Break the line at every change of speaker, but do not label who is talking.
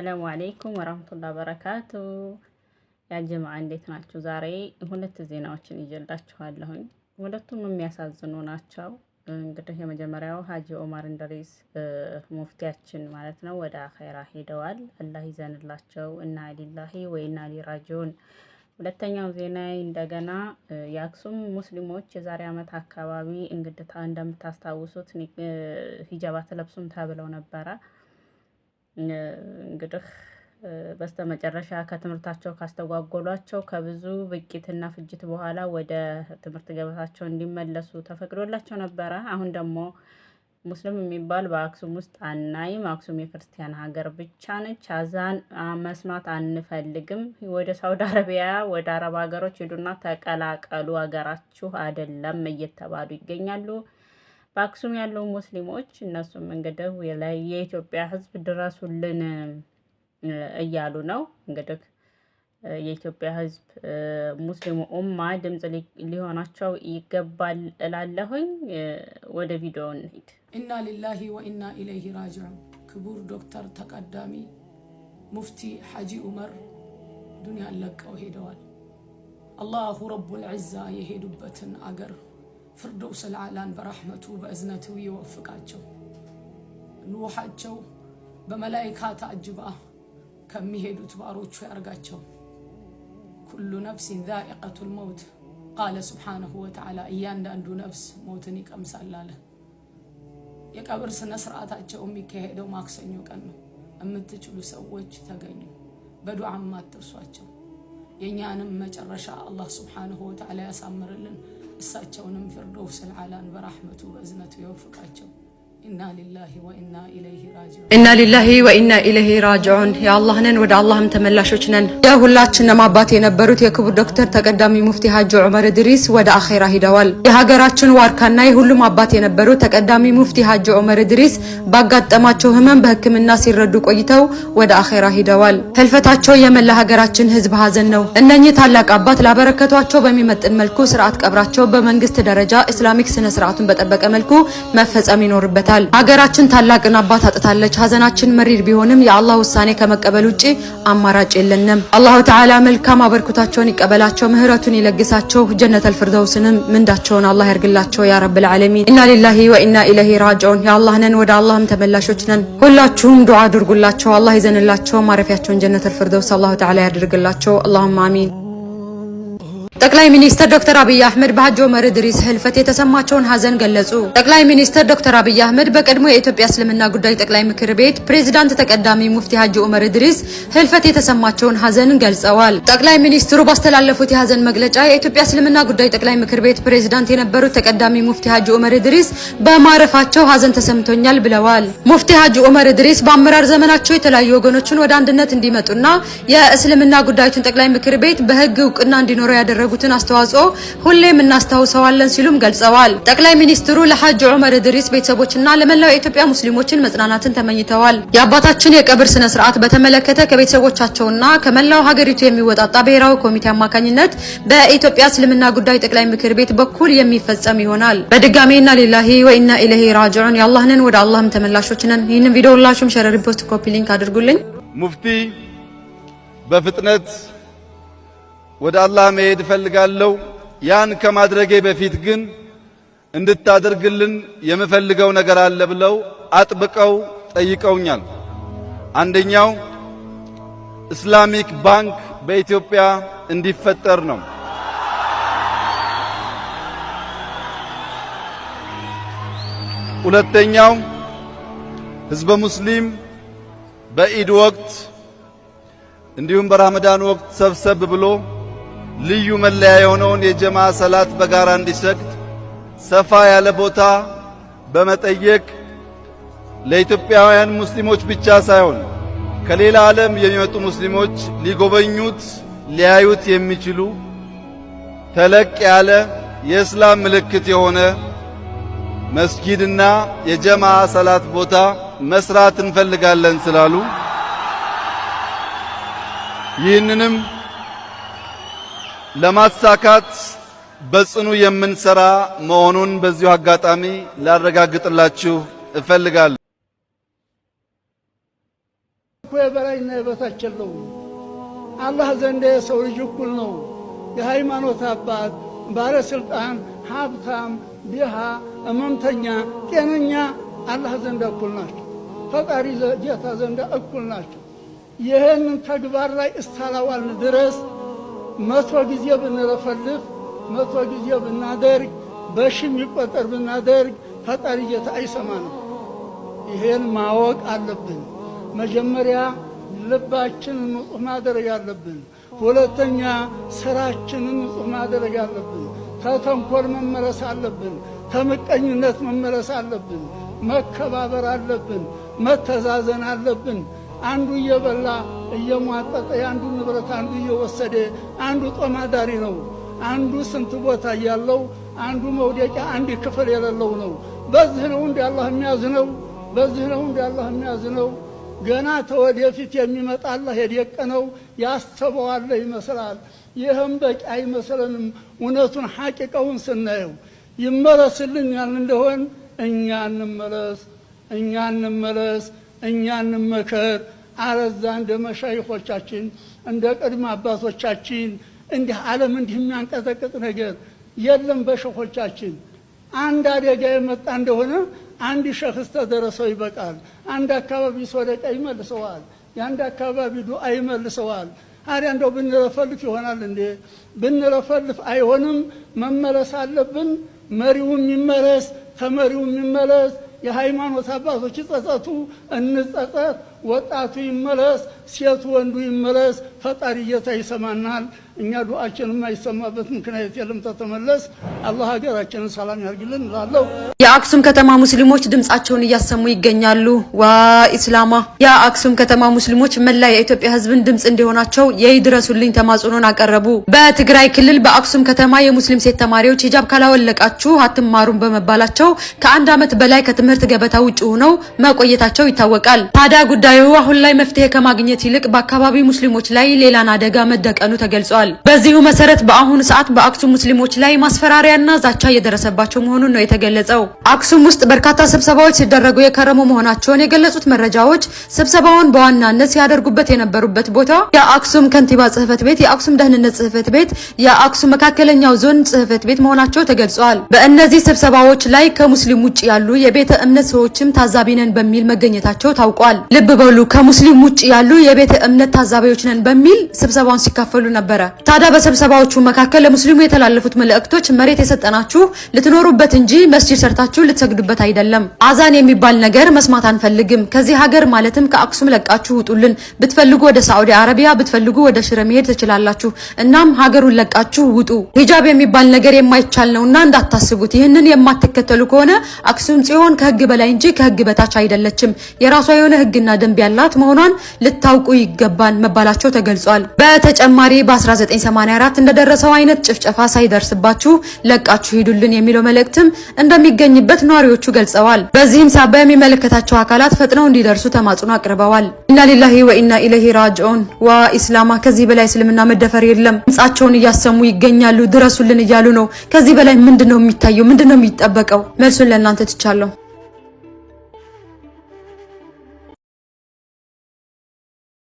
ሰላሙ አሌይኩም ወራህመቱላ በረካቱ። ያ ጀማዓ እንዴት ናቸው ዛሬ ሁለት ዜናዎችን ይዤላችኋለሁኝ። ሁለቱም የሚያሳዝኑ ናቸው። እንግዲህ የመጀመሪያው ሀጂ ኦማር እንድሪስ ሙፍቲያችን ማለት ነው ወደ አኼራ ሄደዋል። አላህ ይዘንላቸው እና ሊላሂ ወይና ሊራጂውን። ሁለተኛው ዜና እንደገና የአክሱም ሙስሊሞች የዛሬ ዓመት አካባቢ እንግዲህ እንደምታስታውሱት ሂጃብ አትለብሱም ተብለው ነበረ እንግዲህ በስተመጨረሻ ከትምህርታቸው ካስተጓጎሏቸው ከብዙ ብቂትና ፍጅት በኋላ ወደ ትምህርት ገበታቸው እንዲመለሱ ተፈቅዶላቸው ነበረ። አሁን ደግሞ ሙስሊም የሚባል በአክሱም ውስጥ አናይም። አክሱም የክርስቲያን ሀገር ብቻ ነች። አዛን መስማት አንፈልግም። ወደ ሳውዲ አረቢያ፣ ወደ አረብ ሀገሮች ሂዱና ተቀላቀሉ፣ ሀገራችሁ አይደለም እየተባሉ ይገኛሉ። በአክሱም ያለው ሙስሊሞች እነሱም እንግዲህ የኢትዮጵያ ህዝብ ድረሱልን እያሉ ነው። እንግዲህ የኢትዮጵያ ህዝብ ሙስሊሙ ኡማ ድምፅ ሊሆናቸው ይገባል እላለሁኝ። ወደ ቪዲዮ እንሄድ ኢና ሊላሂ ወኢና ኢለይሂ ራጅዑን። ክቡር ዶክተር ተቀዳሚ ሙፍቲ ሐጂ ዑመር ዱንያን ለቀው ሄደዋል። አላሁ ረቡል ዒዛ የሄዱበትን አገር ፊርደውስ አልአዕላን በረሕመቱ በእዝነቱ ይወፍቃቸው። ንውሓቸው በመላይካ ታጅባ ከሚሄዱት ባሮቹ ያርጋቸው። ኩሉ ነፍሲን ዛኢቀቱል መውት ቃለ ስብሓነሁ ወተዓላ እያንዳንዱ ነፍስ ሞትን ይቀምሳል አለ። የቀብር ስነ ስርዓታቸው የሚካሄደው ማክሰኞ ቀን ነው። የምትችሉ ሰዎች ተገኙ፣ በዱዓም አትርሷቸው። የእኛንም መጨረሻ አላህ ስብሓነሁ ወተዓላ ያሳምርልን። እሳቸውንም ፍርዶ ስልዓላን በራህመቱ በእዝነቱ የወፍቃቸው ኢና ሊላሂ ወኢና ኢለይሂ ራጅዑን። የአላህ ነን ወደ አላህም ተመላሾች ነን። የሁላችንም አባት የነበሩት የክቡር ዶክተር ተቀዳሚ ሙፍቲ ሀጂ ዑመር እድሪስ ወደ አኼራ ሂደዋል። የሀገራችን ዋርካና የሁሉም አባት የነበሩት ተቀዳሚ ሙፍቲ ሀጂ ዑመር እድሪስ ባጋጠማቸው ህመም በህክምና ሲረዱ ቆይተው ወደ አኼራ ሂደዋል። ህልፈታቸው የመላ ሀገራችን ህዝብ ሀዘን ነው። እነኚህ ታላቅ አባት ላበረከቷቸው በሚመጥን መልኩ ስርዓት ቀብራቸው በመንግስት ደረጃ ኢስላሚክ ስነ ስርዓቱን በጠበቀ መልኩ መፈጸም ይኖርበታል። ያበረታታል። ሀገራችን ታላቅን አባት አጥታለች። ሀዘናችን መሪር ቢሆንም የአላህ ውሳኔ ከመቀበል ውጭ አማራጭ የለንም። አላሁ ተዓላ መልካም አበርኩታቸውን ይቀበላቸው፣ ምህረቱን ይለግሳቸው፣ ጀነት ፊርደውስንም ምንዳቸውን አላህ ያርግላቸው ያ ረብል ዓለሚን። ኢና ሊላሂ ወኢና ኢለይሂ ራጅዑን። የአላህ ነን ወደ አላህም ተመላሾች ነን። ሁላችሁም ዱዓ አድርጉላቸው። አላህ ይዘንላቸው፣ ማረፊያቸውን ጀነት ፊርደውስ አላሁ ተዓላ ያድርግላቸው። አላሁም አሚን። ጠቅላይ ሚኒስትር ዶክተር አብይ አህመድ በሀጅ ዑመር ኢድሪስ ህልፈት የተሰማቸውን ሀዘን ገለጹ። ጠቅላይ ሚኒስትር ዶክተር አብይ አህመድ በቀድሞ የኢትዮጵያ እስልምና ጉዳይ ጠቅላይ ምክር ቤት ፕሬዚዳንት ተቀዳሚ ሙፍቲ ሀጅ ዑመር ኢድሪስ ህልፈት የተሰማቸውን ሀዘን ገልጸዋል። ጠቅላይ ሚኒስትሩ ባስተላለፉት የሀዘን መግለጫ የኢትዮጵያ እስልምና ጉዳይ ጠቅላይ ምክር ቤት ፕሬዚዳንት የነበሩት ተቀዳሚ ሙፍቲ ሀጅ ዑመር ኢድሪስ በማረፋቸው ሀዘን ተሰምቶኛል ብለዋል። ሙፍቲ ሀጂ ዑመር ኢድሪስ በአመራር ዘመናቸው የተለያዩ ወገኖችን ወደ አንድነት እንዲመጡና የእስልምና ጉዳዮችን ጠቅላይ ምክር ቤት በህግ እውቅና እንዲኖረው ያደረጉ ያደረጉትን አስተዋጽኦ ሁሌም እናስታውሰዋለን ሲሉም ገልጸዋል። ጠቅላይ ሚኒስትሩ ለሐጅ ዑመር እድሪስ ቤተሰቦችና ለመላው የኢትዮጵያ ሙስሊሞችን መጽናናትን ተመኝተዋል። የአባታችን የቀብር ስነ ስርዓት በተመለከተ ከቤተሰቦቻቸውና ከመላው ሀገሪቱ የሚወጣጣ ብሔራዊ ኮሚቴ አማካኝነት በኢትዮጵያ እስልምና ጉዳይ ጠቅላይ ምክር ቤት በኩል የሚፈጸም ይሆናል። በድጋሚ ኢና ሊላሂ ወኢና ኢለይሂ ራጂዑን የአላህንን ወደ አላህም ተመላሾች ነን። ይህንን ቪዲዮ ሁላችሁም ሸረሪ ፖስት ኮፒ ሊንክ አድርጉልኝ።
ሙፍቲ በፍጥነት ወደ አላህ መሄድ እፈልጋለሁ። ያን ከማድረጌ በፊት ግን እንድታደርግልን የምፈልገው ነገር አለ ብለው አጥብቀው ጠይቀውኛል። አንደኛው ኢስላሚክ ባንክ በኢትዮጵያ እንዲፈጠር ነው። ሁለተኛው ህዝበ ሙስሊም በኢድ ወቅት እንዲሁም በረመዳን ወቅት ሰብሰብ ብሎ ልዩ መለያ የሆነውን የጀማ ሰላት በጋራ እንዲሰግድ ሰፋ ያለ ቦታ በመጠየቅ ለኢትዮጵያውያን ሙስሊሞች ብቻ ሳይሆን ከሌላ ዓለም የሚመጡ ሙስሊሞች ሊጎበኙት ሊያዩት የሚችሉ ተለቅ ያለ የእስላም ምልክት የሆነ መስጊድና የጀማ ሰላት ቦታ መስራት እንፈልጋለን ስላሉ ይህንንም ለማሳካት በጽኑ የምንሰራ መሆኑን በዚሁ አጋጣሚ ላረጋግጥላችሁ እፈልጋለሁ።
እኮ የበላይና የበታች የለውም። አላህ ዘንድ የሰው ልጅ እኩል ነው። የሃይማኖት አባት፣ ባለሥልጣን፣ ሀብታም፣ ድሃ፣ እመምተኛ፣ ጤነኛ አላህ ዘንድ እኩል ናቸው። ፈጣሪ ጌታ ዘንድ እኩል ናቸው። ይህን ተግባር ላይ እስካላዋልን ድረስ መቶ ጊዜ ብንለፈልፍ መቶ ጊዜ ብናደርግ በሽም ይቆጠር ብናደርግ ፈጣሪ ጌታ አይሰማ ነው። ይሄን ማወቅ አለብን። መጀመሪያ ልባችንን ንጹህ ማድረግ አለብን። ሁለተኛ ስራችንን ንጹህ ማድረግ አለብን። ከተንኮል መመለስ አለብን። ከምቀኝነት መመለስ አለብን። መከባበር አለብን። መተዛዘን አለብን። አንዱ እየበላ እየሟጠጠ የአንዱ ንብረት አንዱ እየወሰደ አንዱ ጦማዳሪ ነው። አንዱ ስንት ቦታ ያለው አንዱ መውደቂያ አንድ ክፍል የሌለው ነው። በዚህ ነው እንደ አላህ የሚያዝነው። በዚህ ነው እንደ አላህ የሚያዝነው። ገና ተወደፊት የሚመጣ አላህ የደቀነው ያስተበዋለ ይመስላል። ይህም በቂ አይመስለንም። እውነቱን ሐቂቀውን ስናየው ይመለስልኛል እንደሆን እኛ እንመለስ፣ እኛ እንመለስ። እኛ እንመከር። አረዛ እንደ መሻይኮቻችን እንደ ቅድመ አባቶቻችን እንዲህ ዓለም እንዲህ የሚያንቀጠቅጥ ነገር የለም። በሸኾቻችን አንድ አደጋ የመጣ እንደሆነ አንድ ሸክስ ተደረሰው ይበቃል። አንድ አካባቢ ሶደቃ ይመልሰዋል። የአንድ አካባቢ ዱ ይመልሰዋል። አሪያ እንደው ብንለፈልፍ ይሆናል እንዴ? ብንረፈልፍ አይሆንም። መመለስ አለብን። መሪውም ይመለስ፣ ከመሪውም ይመለስ። የሃይማኖት አባቶች ይጸጸቱ፣ እንጸጸት። ወጣቱ ይመለስ፣ ሴቱ ወንዱ ይመለስ። ፈጣሪ ጌታ ይሰማናል። እኛ ዱዓችን የማይሰማበት ምክንያት የለም። ተተመለስ አላህ ሀገራችንን ሰላም ያርግልን እላለሁ። የአክሱም ከተማ
ሙስሊሞች ድምጻቸውን እያሰሙ ይገኛሉ። ዋ ኢስላማ የአክሱም ከተማ ሙስሊሞች መላ የኢትዮጵያ ሕዝብን ድምጽ እንዲሆናቸው የይድረሱልኝ ተማጽኖን አቀረቡ። በትግራይ ክልል በአክሱም ከተማ የሙስሊም ሴት ተማሪዎች ሂጃብ ካላወለቃችሁ አትማሩም በመባላቸው ከአንድ ዓመት በላይ ከትምህርት ገበታ ውጭ ሆነው መቆየታቸው ይታወቃል። ታዲያ ጉዳዩ አሁን ላይ መፍትሄ ከማግኘት ይልቅ በአካባቢው ሙስሊሞች ላይ ሌላን አደጋ መደቀኑ ተገልጿል። ገልጿል። በዚሁ መሰረት በአሁኑ ሰዓት በአክሱም ሙስሊሞች ላይ ማስፈራሪያና ዛቻ እየደረሰባቸው መሆኑን ነው የተገለጸው። አክሱም ውስጥ በርካታ ስብሰባዎች ሲደረጉ የከረሙ መሆናቸውን የገለጹት መረጃዎች ስብሰባውን በዋናነት ሲያደርጉበት የነበሩበት ቦታ የአክሱም ከንቲባ ጽህፈት ቤት፣ የአክሱም ደህንነት ጽህፈት ቤት፣ የአክሱም መካከለኛው ዞን ጽህፈት ቤት መሆናቸው ተገልጿል። በእነዚህ ስብሰባዎች ላይ ከሙስሊም ውጭ ያሉ የቤተ እምነት ሰዎችም ታዛቢ ነን በሚል መገኘታቸው ታውቋል። ልብ በሉ ከሙስሊም ውጭ ያሉ የቤተ እምነት ታዛቢዎች ነን በሚል ስብሰባውን ሲካፈሉ ነበረ። ታዲያ በስብሰባዎቹ መካከል ለሙስሊሙ የተላለፉት መልእክቶች መሬት የሰጠናችሁ ልትኖሩበት እንጂ መስጂድ ሰርታችሁ ልትሰግዱበት አይደለም። አዛን የሚባል ነገር መስማት አንፈልግም። ከዚህ ሀገር ማለትም ከአክሱም ለቃችሁ ውጡልን። ብትፈልጉ ወደ ሳዑዲ አረቢያ፣ ብትፈልጉ ወደ ሽረ መሄድ ትችላላችሁ። እናም ሀገሩን ለቃችሁ ውጡ። ሂጃብ የሚባል ነገር የማይቻል ነውና እንዳታስቡት። ይህንን የማትከተሉ ከሆነ አክሱም ጽዮን ከህግ በላይ እንጂ ከህግ በታች አይደለችም። የራሷ የሆነ ህግና ደንብ ያላት መሆኗን ልታውቁ ይገባል መባላቸው ተገልጿል። በተጨማሪ በ19 1984 እንደደረሰው አይነት ጭፍጨፋ ሳይደርስባችሁ ለቃችሁ ሂዱልን የሚለው መልእክትም እንደሚገኝበት ነዋሪዎቹ ገልጸዋል። በዚህም ሳቢያ የሚመለከታቸው አካላት ፈጥነው እንዲደርሱ ተማጽኖ አቅርበዋል። ኢና ሊላሂ ወኢና ኢለይሂ ራጅዑን ዋ ኢስላማ። ከዚህ በላይ እስልምና መደፈር የለም። ድምጻቸውን እያሰሙ ይገኛሉ። ድረሱልን እያሉ ነው። ከዚህ በላይ ምንድነው የሚታየው? ምንድነው የሚጠበቀው? መልሱን ለእናንተ ትቻለሁ።